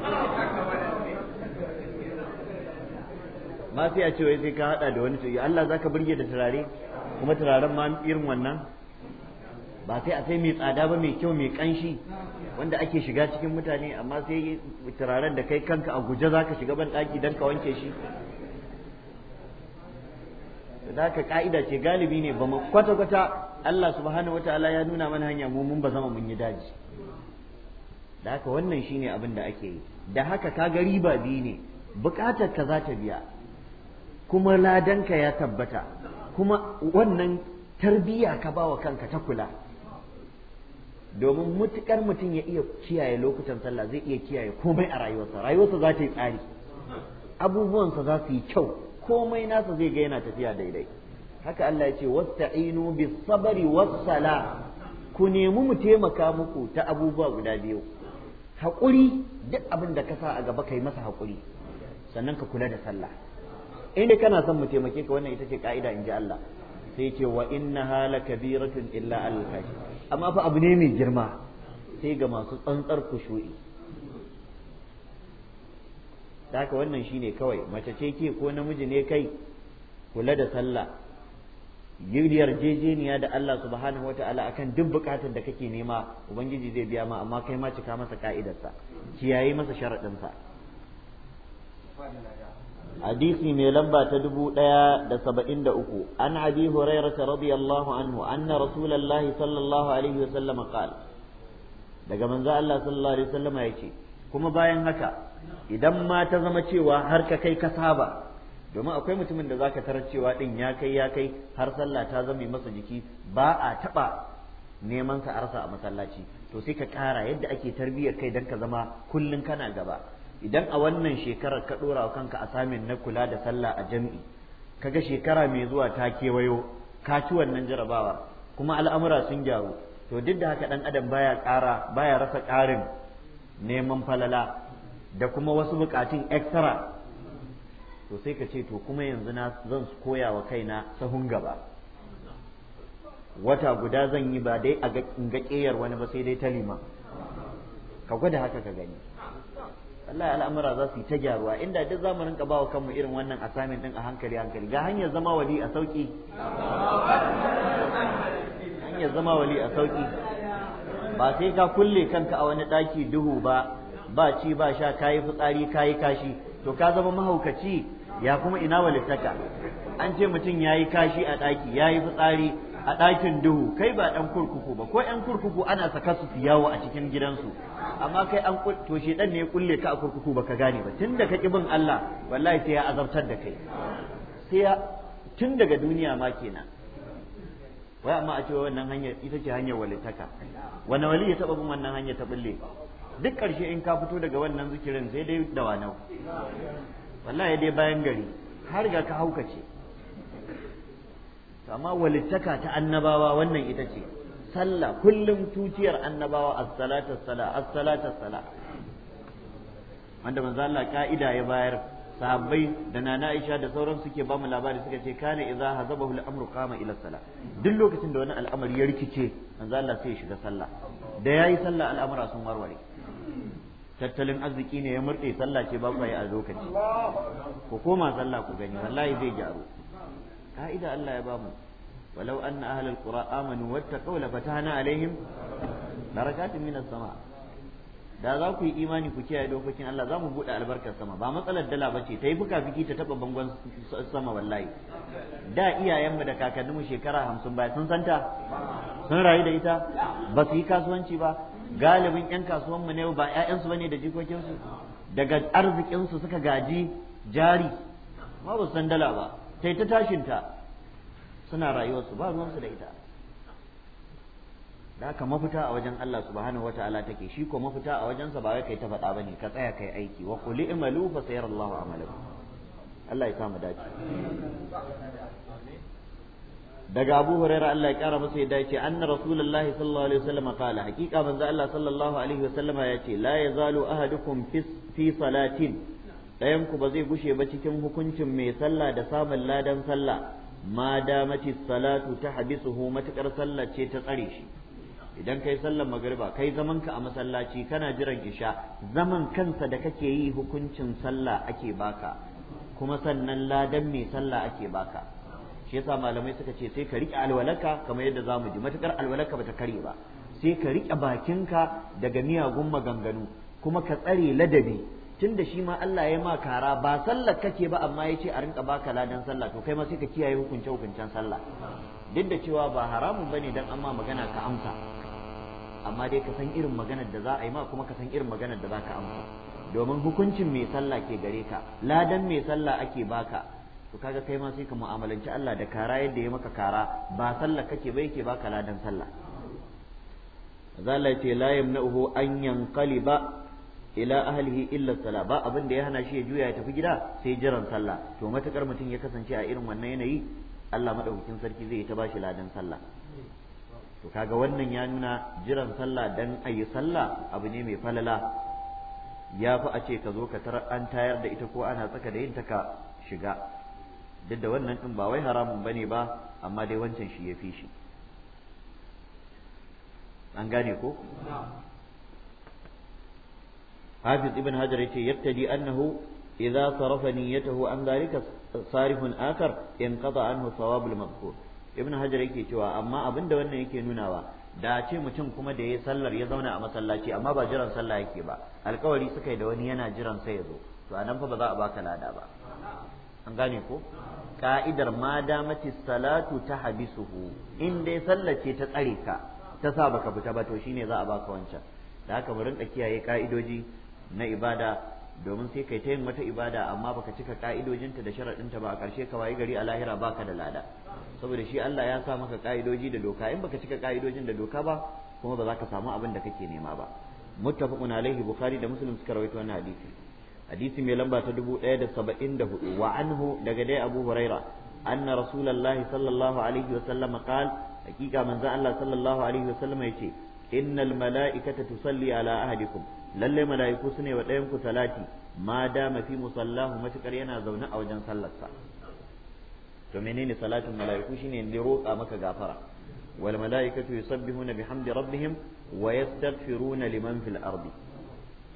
ma sai a ce wai sai ka hada da wani turare Allah zaka burge da turare kuma turaren ma irin wannan ba sai a sai mai tsada ba mai kyau mai kanshi wanda ake shiga cikin mutane amma sai turaren da kai kanka a guje zaka shiga ban daki dan ka wanke shi da ka ka'ida ce galibi ne ba kwata kwata Allah subhanahu wataala ya nuna mana hanya mu mun ba zama mun yi daji da haka wannan shine abin da ake yi da haka ka ga riba biyu ne bukatar ka za ta biya kuma ladanka ya tabbata kuma wannan tarbiya ka ba wa kanka ta kula domin mutukar mutum ya iya kiyaye lokutan sallah zai iya kiyaye komai a rayuwarsa rayuwarsa za ta yi tsari abubuwansa za su yi kyau komai nasa zai ga yana tafiya daidai haka Allah ya ce wasta'inu bis sabri was sala ku nemi mu taimaka muku ta abubuwa guda biyu haƙuri duk abin da ka sa a gaba kai masa hakuri sannan ka kula da sallah in dai kana son mu taimake ka wannan ita ce ka'ida in ji Allah sai ce wa hala kabiratun illa al amma fa abu ne mai girma sai ga masu tsantsar kushu'i da haka wannan shine kawai mace ce ke ko namiji ne kai kula da sallah yuriyar jejeniya da Allah subhanahu wa ta'ala akan duk bukatar da kake nema ubangiji zai biya ma amma kai ma cika masa ka'idarsa kiyaye masa sharaɗinsa hadisi mai lamba ta dubu ɗaya da saba'in da uku an الله hurairata أن anhu anna صلى sallallahu alaihi wa قال daga manzo Allah sallallahu alaihi wasallam ya yace kuma bayan haka idan ma ta zama cewa har ka kai ka saba domin akwai mutumin da zaka tarar cewa din ya kai ya kai har sallah ta zama masa jiki ba a taba neman sa arsa a masallaci to sai ka kara yadda ake tarbiyyar kai dan ka zama kullun kana gaba idan a wannan shekarar ka ɗora wa kanka a samin na kula da sallah a jam'i kaga shekara mai zuwa ta kewayo ka ci wannan jarabawa kuma al'amura sun gyaru to duk da haka ɗan adam baya ƙara baya rasa ƙarin neman falala da kuma wasu buƙatun extra to sai ka ce to kuma yanzu na zan koya wa kai na sahun gaba wata guda zan yi ba dai a ga ƙeyar wani ba sai dai ta lima ka gwada haka ka gani wallahi al'amura za su yi ta gyaruwa inda duk zamanin ka bawa kanmu irin wannan asamin din a hankali hankali ga hanyar zama wali a sauki hanyar zama wali a sauki ba sai ka kulle kanka a wani ɗaki duhu ba ba ci ba sha kayi fitsari kayi kashi to ka zama mahaukaci ya kuma ina walittaka an ce mutum yayi kashi a ɗaki yayi fitsari a ɗakin duhu kai ba ɗan kurkuku ba ko ƴan kurkuku ana saka su yawo a cikin gidansu amma kai an to ɗan ne ya kulle ka a kurkuku ba ka gane ba tun da ka ƙi bin Allah wallahi sai ya azabtar da kai sai ya tun daga duniya ma kenan wai amma a ce wannan hanya ita ce hanyar walitaka wani wali ya taɓa bin wannan hanya ta bulle duk ƙarshe in ka fito daga wannan zikirin sai dai da wanau wallahi dai bayan gari har ga ka haukace amma walittaka ta annabawa wannan ita ce sallah kullum tuciyar annabawa as-salatu sala as-salatu sala wanda manzo Allah ka'ida ya bayar sahabbai da nana Aisha da sauran suke ba mu labari suka ce kana idza hazabahu al-amru qama ila sala duk lokacin da wani al'amari ya rikice manzo Allah sai ya shiga sallah da yayi sallah al'amura sun warware tattalin arziki ne ya murɗe sallah ce ba ku yi a lokaci ku koma sallah ku gani wallahi zai gyaru ka'ida Allah ya bamu walau anna ahlal qura amanu wattaqaw la fatahna alaihim barakatin minas sama da za ku yi imani ku kiyaye dokokin Allah za mu buɗe albarkar sama ba matsalar dala ba ta yi buka fiki ta taɓa bangon sama wallahi da iyayenmu da kakanninmu shekara hamsin baya sun santa sun rayu da ita ba su yi kasuwanci ba galibin 'yan kasuwanmu ne ba 'ya'yansu ba ne da jikokinsu daga arzikinsu suka gaji jari ma ba su san dala ba ta ta tashinta suna rayuwarsu ba ruwansu da ita da haka mafita a wajen Allah subhanahu wata'ala take shi ko mafita a wajensa ba wai kai ta faɗa ba ne, ka tsaya kai aiki wa qul i'malu fa sayarallahu amalakum Allah ya samu dace daga Abu Hurairah Allah ya kara masa ya dace anna Rasulullahi sallallahu alaihi wasallam qala haqiqa manzo Allah sallallahu alaihi wasallam ya ce la yazalu ahadukum fi salatin ɗayan ku ba zai gushe ba cikin hukuncin mai sallah da samun ladan sallah ma damati salatu ta habisuhu matukar sallah ce ta tsare shi idan kai sallar magariba kai zaman ka a masallaci kana jiran isha zaman kansa da kake yi hukuncin sallah ake baka kuma sannan ladan mai sallah ake baka shi yasa malamai suka ce sai ka riƙe alwalaka kamar yadda zamu ji matukar alwalaka bata kare ba sai ka riƙe bakinka daga miyagun maganganu kuma ka tsare ladabi tun da shi ma Allah ya ma kara ba sallar kake ba amma ya ce a rinka baka ladan sallah to kai ma sai ka kiyaye hukunce hukuncen sallah duk da cewa ba haramun bane dan amma magana ka amsa amma dai ka san irin maganar da za a yi ma kuma ka san irin maganar da za ka amsa domin hukuncin mai sallah ke gare ka ladan mai sallah ake baka to kaga kai ma sai ka mu'amalanci Allah da kara yadda ya maka kara ba sallah kake ba yake baka ladan sallah zalla ce la yamna'uhu an yanqaliba ila ahlihi illa sala ba abin da ya hana shi ya juya ya tafi gida sai jiran sallah to matukar mutum ya kasance a irin wannan yanayi Allah madaukakin sarki zai ta bashi ladan sallah to kaga wannan ya nuna jiran sallah dan ayi sallah abu ne mai falala ya fi a ce ka zo ka tar an tayar da ita ko ana tsaka da yin ta ka shiga duk da wannan din ba wai haramun bane ba amma dai wancan shi ya fi shi an gane ko hafiz ibn hajar يتي يبتدي annahu إذا صرف نيته an ذلك صارف akar inqata عنه thawabul المذكور ibn hajar yake cewa amma أبن wannan yake nunawa da ce mutum kuma da ya sallar ya zauna a masallaci amma ba jiran sallah yake ba alkawari suka yi da wani yana jiran sai ya zo to anan fa ba za a baka lada ba an gane ko ka'idar ma damati salatu ta habisuhu in dai ce ta tsare ka ta sa baka fita ba to shine za a baka wancan da haka mu da kiyaye ka'idoji na ibada domin sai kai ta yin wata ibada amma baka cika ka'idojinta da sharaɗinta ba a ƙarshe ka wayi gari a lahira baka da lada saboda shi Allah ya sa maka ka'idoji da doka in baka cika ka'idojin da doka ba kuma ba za ka samu abin da kake nema ba muttafaqun alaihi bukhari da muslim suka rawaito wannan hadisi hadisi mai lamba ta 1074 wa anhu daga dai abu huraira anna rasulullahi sallallahu alaihi wa sallam qal hakika manzo Allah sallallahu alaihi wa sallam yace innal mala'ikata tusalli ala ahadikum Lallai mala'iku su ne wa ɗayan ku salati ma dama fi musallahu matuƙar yana zaune a wajen sallarsa to menene salatin mala'iku shine ne roƙa maka gafara wal mala'ikatu yusabbihuna bihamdi rabbihim wa yastaghfiruna liman fil ardi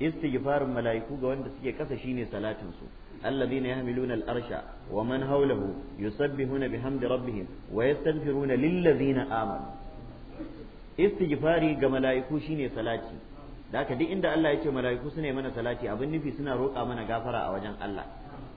istighfarin mala'iku ga wanda suke kasa shine salatin su الذين يحملون الأرش ومن حوله يسبحون بحمد ربهم ويستغفرون للذين آمنوا استغفاري ga mala'iku shine salati da haka duk inda Allah ya ce mala'iku suna mana salati abin nufi suna roƙa mana gafara a wajen Allah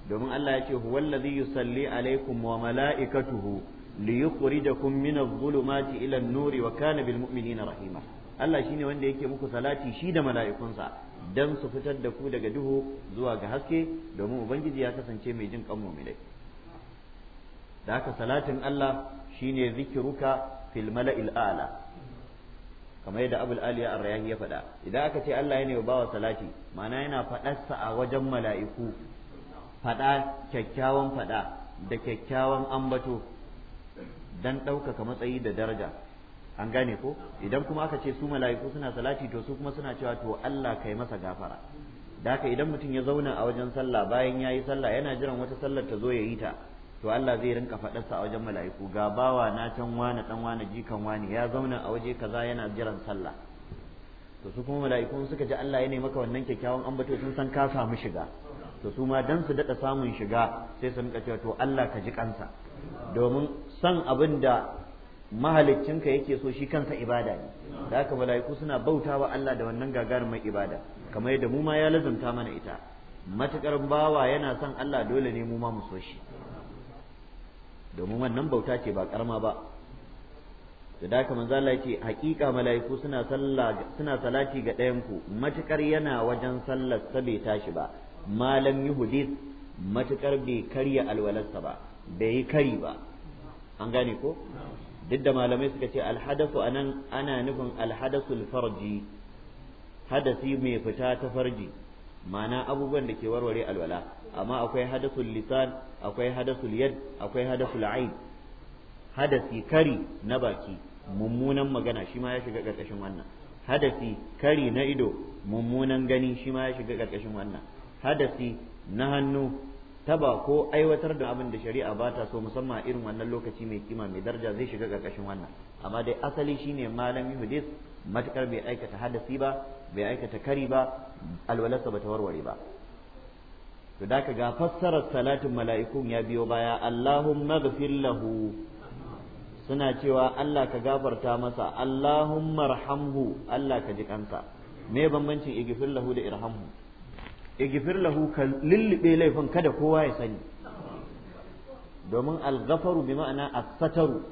domin Allah ya ce huwallazi yusalli alaikum wa mala'ikatuhu da min adh-dhulumati ila an-nuri wa kana bil mu'minina rahima Allah shine wanda yake muku salati shi da mala'ikunsa dan su fitar da ku daga duhu zuwa ga haske domin ubangiji ya kasance mai jin kan mu'minai da haka salatin Allah shine zikiruka fil mala'il a'la kamar yadda abul aliya arrayan ya faɗa idan aka ce Allah yana bawa salati ma'ana yana faɗarsa a wajen mala'iku faɗa kyakkyawan faɗa da kyakkyawan ambato dan ɗaukaka matsayi da daraja an gane ko idan kuma aka ce su mala'iku suna salati to su kuma suna cewa to Allah kai masa gafara da haka idan mutum ya zauna a wajen sallah bayan ya yi sallah yana jiran wata sallar ta zo ya yi ta to Allah zai rinka faɗarsa a wajen mala'iku ga bawa na can wani dan wani jikan wani ya zauna a waje kaza yana jiran sallah to su kuma mala'iku suka ji Allah ya nemi maka wannan kyakkyawan ambato sun san ka samu shiga to su ma dan su daɗa samun shiga sai su rinka cewa to Allah ka ji kansa domin san abin da mahaliccinka yake so shi kansa ibada ne da haka mala'iku suna bauta wa Allah da wannan mai ibada kamar yadda mu ma ya lazumta mana ita matukar bawa yana son Allah dole ne mu ma mu so shi domin wannan bauta ce ba karama ba da haka manzo Allah yake hakika mala'iku suna sallah suna salati ga ɗayan ku matukar yana wajen sallar sa bai tashi ba malam yuhudis matukar bai karya alwalarsa ba bai yi kari ba an gane ko duk da malamai suka ce alhadasu anan ana nufin alhadasul farji hadasi mai fita ta farji ma'ana abubuwan da ke warware alwala amma akwai hadasul lisan akwai hadasul yad akwai hadasul ain hadasi kari na baki mummunan magana shi ma ya shiga karkashin wannan hadasi kari na ido mummunan gani shi ma ya shiga karkashin wannan hadasi na hannu taba ko aiwatar da abin da shari'a ba ta so musamman a irin wannan lokaci mai kima mai daraja zai shiga karkashin wannan amma dai asali shine malami hadis matukar bai aikata hadasi ba bai aikata kari ba alwalarsa ta warware ba to da ka ga fassarar salatin mala'ikun ya biyo baya Allahumma ghfir lahu suna cewa Allah ka gafarta masa Allahumma rahamhu Allah ka ji kanta. me bambancin Igifin lahu da irhamhu Igifin lahu ka lullube laifin kada kowa ya sani domin alghafaru bi ma'ana a sataru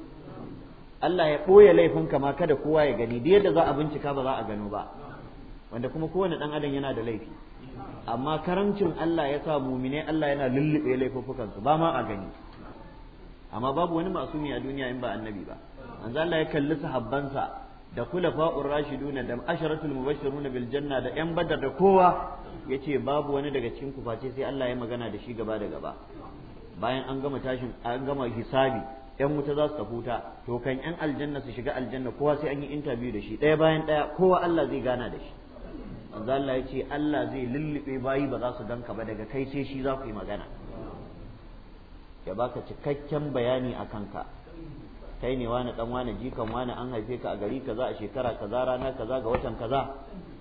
Allah ya ɓoye laifin ma kada kowa ya gani da yadda za a bincika ba za a gano ba wanda kuma kowane ɗan adam yana da laifi amma karamcin Allah ya sa mumine Allah yana lullube laifuffukansu ba ma a gani amma babu wani masumi a duniya in ba annabi ba manzo Allah ya kalli sa da kulafa'ur rashidun da asharatul mubashirun bil janna da yan badar da kowa yace babu wani daga cikin ku face sai Allah ya magana da shi gaba da gaba bayan an gama tashin an gama hisabi yan wuta za su wuta to kan yan aljanna su shiga aljanna kowa sai an yi interview da shi ɗaya bayan ɗaya kowa Allah zai gana da shi manzo Allah ya ce Allah zai lullube bayi ba za su ganka ba daga kai sai shi za ku yi magana ya baka cikakken bayani a kanka kai ne wani dan wani jikan wani an haife ka a gari kaza a shekara kaza rana kaza ga watan kaza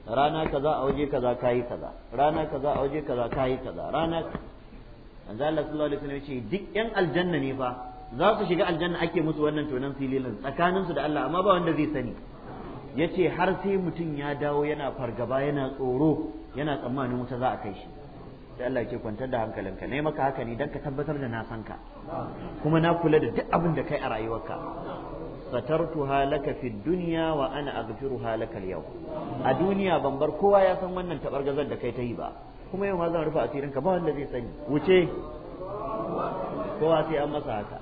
rana kaza a waje kaza kayi kaza rana kaza a waje kaza kayi kaza rana manzo Allah sallallahu alaihi wasallam ya ce duk yan aljanna ne fa za su shiga aljanna ake musu wannan tonan filin tsakaninsu da Allah amma ba wanda zai sani yace har sai mutum ya dawo yana fargaba yana tsoro yana tsammanin wuta za a kai shi sai Allah ke kwantar da hankalinka na maka haka ne dan ka tabbatar da na san ka kuma na kula da duk abin da kai a rayuwarka satartu halaka fi dunya wa ana aghfiru halaka yau a duniya ban bar kowa ya san wannan tabargazar da kai ta yi ba kuma yau ma zan rufe asirin ka ba wanda zai sani wuce kowa sai an masa haka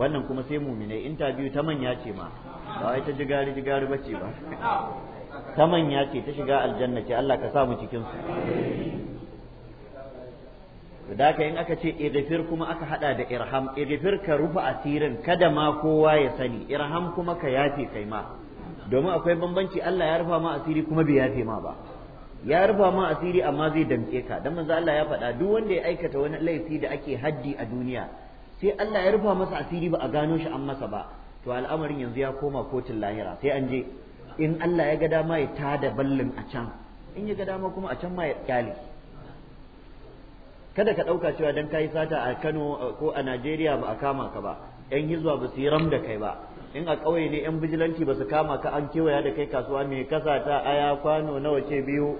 wannan kuma sai muminai interview ta manya ce ma ba wai ta jigari jigari bace ba ta manya ce ta shiga aljanna ce Allah ka mu cikin su da in aka ce irfir kuma aka hada da irham irfir ka rufe asirin kada ma kowa ya sani irham kuma ka yafe kai ma domin akwai bambanci Allah ya rufa ma asiri kuma bai yafe ma ba ya rufa ma asiri amma zai damke ka dan manzo Allah ya faɗa duk wanda ya aikata wani laifi da ake haddi a duniya sai Allah ya rufa masa asiri ba a gano shi an masa ba to al'amarin yanzu ya koma kotun lahira sai an je in Allah ya ga dama ya tada ballin a can in ya ga dama kuma a can ma ya kyale kada ka ɗauka cewa dan kayi sata a Kano ko a Najeriya ba a kama ka ba yan hizwa ba su yi ram da kai ba in a ƙauye ne yan bijilanci ba su kama ka an kewaya da kai kasuwa mai kasa ta aya kwano nawa ce biyu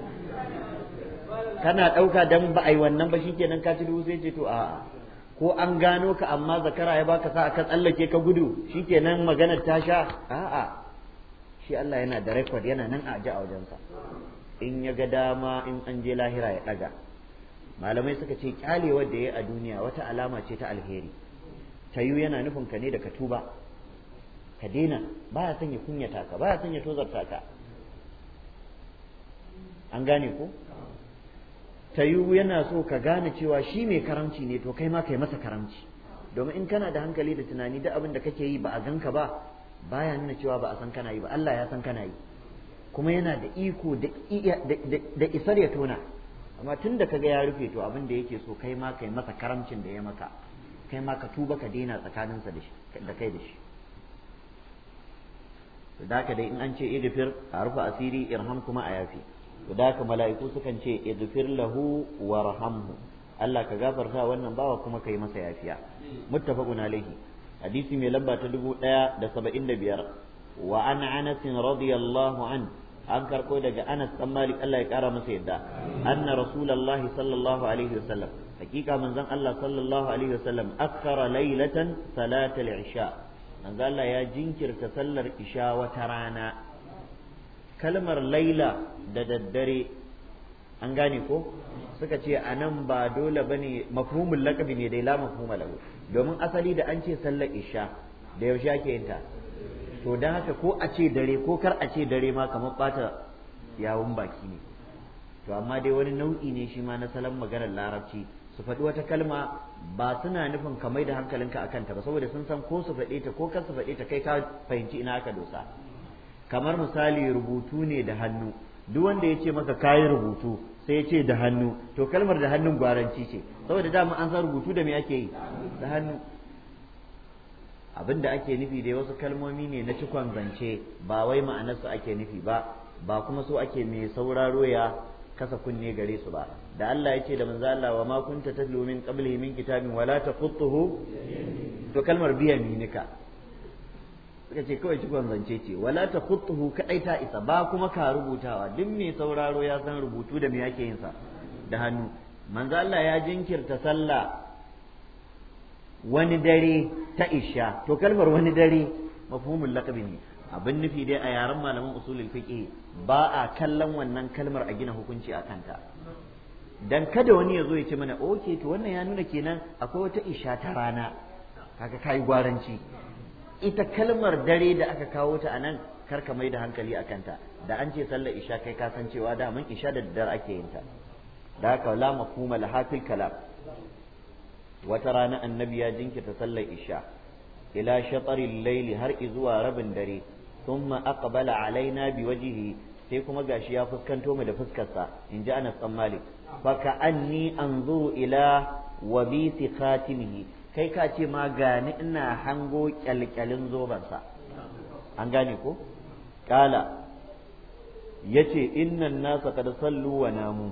kana ɗauka dan ba a yi wannan ba kenan ka ci dubu sai ce to a'a ko an gano ka amma zakara ya baka sa aka tsallake ka gudu shi shikenan maganar ta sha a'a shi Allah yana da record yana nan a ji a wajensa in ya ga dama in an je lahira ya daga malamai suka ce kyalewar da ya a duniya wata alama ce ta alheri tayu yana nufin ka ne da ka tuba ka daina baya son ya kunyata ka baya son ya tozarta ka an gane ko ta yana so ka gane cewa shi mai karamci ne to kai ma kai masa karamci domin in kana da hankali da tunani da abin da kake yi ba a ganka ba baya nuna cewa ba a san kana yi ba Allah ya san kana yi kuma yana da iko da isar ya tona amma tun da kaga ya rufe to abin da yake so kai ma kai masa karamcin da ya maka kai ma ka tuba ka daina tsakaninsa da kai da shi da haka dai in an ce igfir a rufe asiri irham kuma a yafi to da haka mala'iku sukan ce idfir lahu warhamhu Allah ka gafarta wannan bawa kuma kai masa yafiya muttafaqun alaihi hadisi mai lamba ta biyar wa an anas radiyallahu an an karko daga Anas dan Malik Allah ya kara masa yadda anna rasulullahi sallallahu alaihi wasallam hakika manzon Allah sallallahu alaihi wasallam akhara laylatan salatal isha manzon Allah ya jinkirta sallar isha wata rana kalmar laila da daddare an gane ko suka ce a nan ba dole ba ne mafhumin lakabi ne dai la mafhuma lahu domin asali da an ce sallar isha da yaushe ake yin ta to don haka ko a ce dare ko kar a ce dare ma kamar bata yawun baki ne to amma dai wani nau'i ne shi ma na salon maganar larabci su faɗi wata kalma ba suna nufin kamai da hankalinka akan ta ba saboda sun san ko su faɗe ta ko kar su faɗe ta kai ka fahimci ina aka dosa kamar misali rubutu ne da hannu duk wanda ya ce maka kayi rubutu sai ya ce da hannu to kalmar da hannun gwaranci ce saboda dama an san rubutu da me ake yi da hannu abin da ake nufi dai wasu kalmomi ne na cikon zance ba wai ma'anarsu ake nufi ba ba kuma so ake mai sauraro ya kasa kunne gare su ba da Allah ya ce da manzo Allah wa ma kunta tatlu min qablihi min kitabin wala taqutuhu to kalmar biya minika suka ce kawai cikon zance ce wala ta khutuhu kadai ta isa ba kuma ka rubutawa duk mai sauraro ya san rubutu da me yake yin da hannu manzo Allah ya jinkirta sallah wani dare ta isha to kalmar wani dare mafhumul laqabi ne abin nufi dai a yaren malaman usulul fiqh ba a kallon wannan kalmar a gina hukunci a kanta dan kada wani ya zo ya ce mana okay to wannan ya nuna kenan akwai wata isha ta rana kaga kai gwaranci ita kalmar dare da aka kawo ta anan kar ka mai da hankali a kanta da an ce sallar isha kai ka san cewa daman isha da daddare ake yin ta da haka la mafhuma la hafil kalam wata rana annabi ya jinkirta sallar isha ila shataril laili har zuwa rabin dare thumma aqbala alaina bi wajihi sai kuma gashi ya fuskanto mu da fuskarsa in ji Anas dan Malik baka anni anzuru ila wabisi khatimihi kai ka ce ma gani ina hango kyalkyalin zobensa an gane ko kala yace innan nasa kada sallu wa namu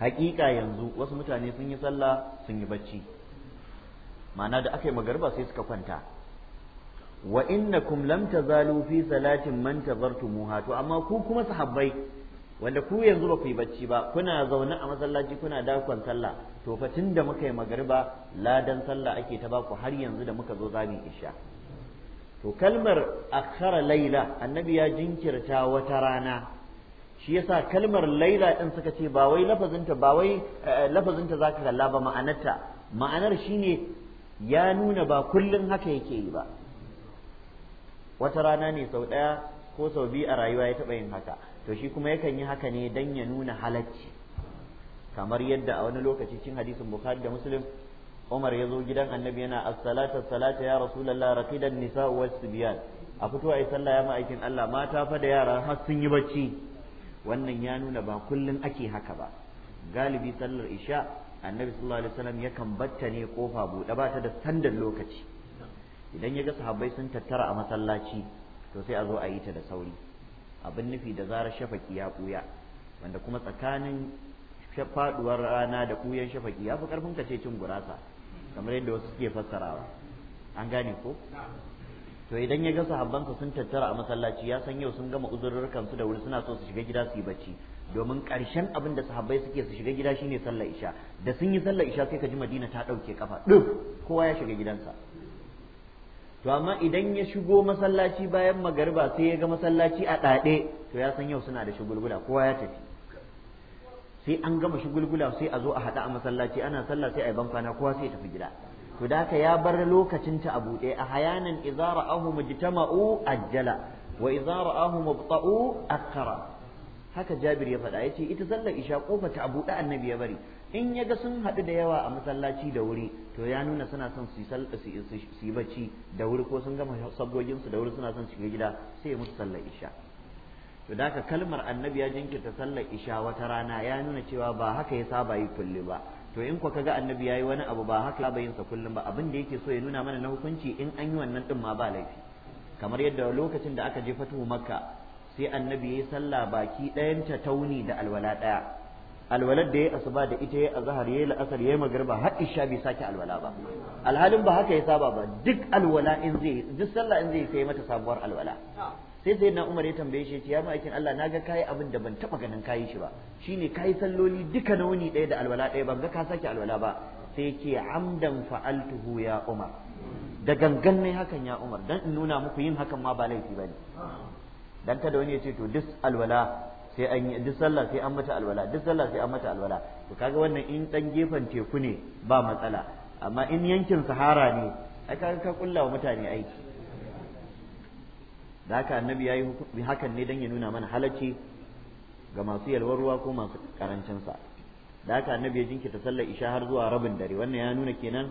hakika yanzu wasu mutane sun yi sallah sun yi bacci ma'ana da aka yi magarba sai suka kwanta wa innakum lam tazalu fi salatin man tazartumuha to amma ku kuma sahabbai wanda ku yanzu ba ku yi bacci ba kuna zaune a masallaci kuna dakon sallah to fa da muka yi magariba ladan sallah ake ta baku har yanzu da muka zo zamu isha to kalmar akhara laila annabi ya jinkirta wata rana shi yasa kalmar laila din suka ce ba wai lafazinta ba wai eh, lafazinta zaka kalla ba ma'anarta ma'anar shine ya nuna ba kullun haka yake yi ba wata rana ne sau ɗaya ko sau biyu a rayuwa ya taɓa yin haka to shi kuma yakan yi haka ne dan ya nuna halacci kamar yadda a wani lokaci cikin hadisin bukhari da muslim umar ya zo gidan annabi yana as-salata salata ya rasulullah raqidan nisa was-sibyan a fito ai sallah ya ma'aikin Allah mata fa da yara har sun yi bacci wannan ya nuna ba kullun ake haka ba galibi sallar isha annabi sallallahu alaihi wasallam yakan batta ne kofa buɗe ba ta da sandan lokaci idan ya ga sahabbai sun tattara a masallaci to sai a zo a yi ta da sauri abin nufi da zarar shafaki ya ɓuya wanda kuma tsakanin faɗuwar rana da ɓuyan shafaki ya fi ƙarfin kace cin gurasa kamar yadda wasu suke fassarawa an gane ko to idan ya ga sahabbansa sun tattara a masallaci ya san yau sun gama uzurrukan su da wuri suna so su shiga gida su yi bacci domin ƙarshen abin da sahabbai suke su shiga gida shine sallar isha da sun yi sallar isha sai ka ji madina ta ɗauke kafa duk kowa ya shiga gidansa to amma idan ya shigo masallaci bayan magariba sai ya ga masallaci a ɗaɗe to ya san yau suna da shugulgula kowa ya tafi sai an gama shugulgula sai a zo a haɗa a masallaci ana sallah sai a yi bankwana kowa sai ya tafi gida to da haka ya bar lokacin ta a buɗe a hayanan izara ra'ahu mujtama'u ajjala wa izara ra'ahu mubta'u akhara haka Jabir ya faɗa yace ita sallar isha kofar ta a buɗe annabi ya bari in ya ga sun haɗu da yawa a masallaci da wuri to ya nuna suna son su yi bacci da wuri ko sun gama sabgoginsu da wuri suna son shiga gida sai musu sallar isha to da haka kalmar annabi ya jinkirta sallar isha wata rana ya nuna cewa ba haka ya saba yi kulli ba to in ka ga annabi yi wani abu ba haka ya bayin sa kullum ba abin da yake so ya nuna mana na hukunci in an yi wannan din ma ba laifi kamar yadda lokacin da aka je fatuhu makka sai annabi ya yi sallah baki ɗayan ta tauni da alwala ɗaya alwalar da ya asuba da ita ya azhar ya la'asar ya magriba har isha bai sake alwala ba alhalin ba haka ya saba ba duk alwala in zai duk sallah in zai sai mata sabuwar alwala sai sai na umar ya tambaye shi ya ma'aikin Allah na ga kayi abin da ban taba ganin kayi shi ba shine kayi salloli duka na wuni daya da alwala daya ban ga ka sake alwala ba sai yake amdan fa'altuhu ya umar da gangan ne hakan ya umar dan in nuna muku yin hakan ma ba laifi bane dan kada wani ya ce to duk alwala sai an yi duk sallah sai an mata alwala duk sallah sai an mata alwala to kaga wannan in dan gefen teku ne ba matsala amma in yankin sahara ne ai kaga ka kulla wa mutane aiki da haka annabi yayi hukumi hakan ne dan ya nuna mana halacci ga masu yalwar ruwa ko masu karancin sa da haka annabi ya jinkita sallar isha har zuwa rabin dare wannan ya nuna kenan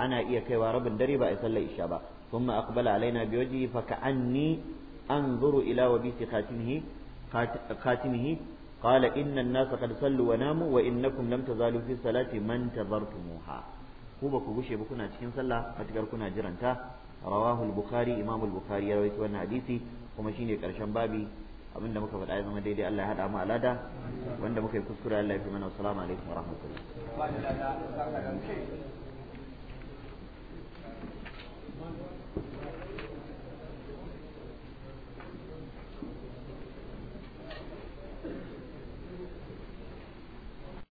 ana iya kaiwa rabin dare ba a sallar isha ba ثم أقبل علينا بوجهه فكأني أنظر إلى وبيس خاتمه خاتمه قال إن الناس قد صلوا وناموا وإنكم لم تزالوا في الصلاة ما انتظرتموها ku ba ku gushe ba kuna cikin sallah matukar kuna jiranta rawahu al-bukhari imam al-bukhari ya rawaito wannan hadisi kuma shine karshen babi abinda muka faɗa ya zama daidai Allah ya hada mu alada wanda muka yi kuskura Allah ya fi mana assalamu alaikum wa rahmatullah